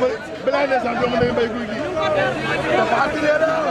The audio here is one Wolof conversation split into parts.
ba balaa ngay sax jox ma day béy guy gi dafa attiré daal.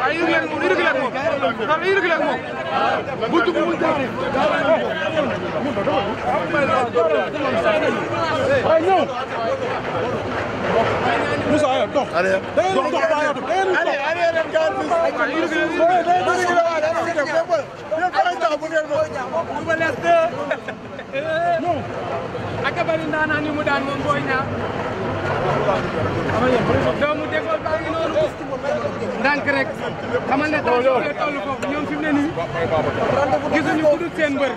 waaye yëngu leen moom yëngu leen moom xam yëngu leen moom bu dugg bu jaaree waaye ñëw Moussa yow dox dox dox waaye dox allez allez leen gaal bi waaye yëngu leen waaye day dëgg la waaye day dëgg la waaye yéen fa lañ tax bu ngeen ma bu ma lees de ak bari ndaanaan yi mu daan moom booy ñaar doomu de baa ngi noonu ndànk rek xamal ne taw bi la toll foofu ñoom fi mu ne nii gisuñu ku dul seen mbër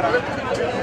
yaram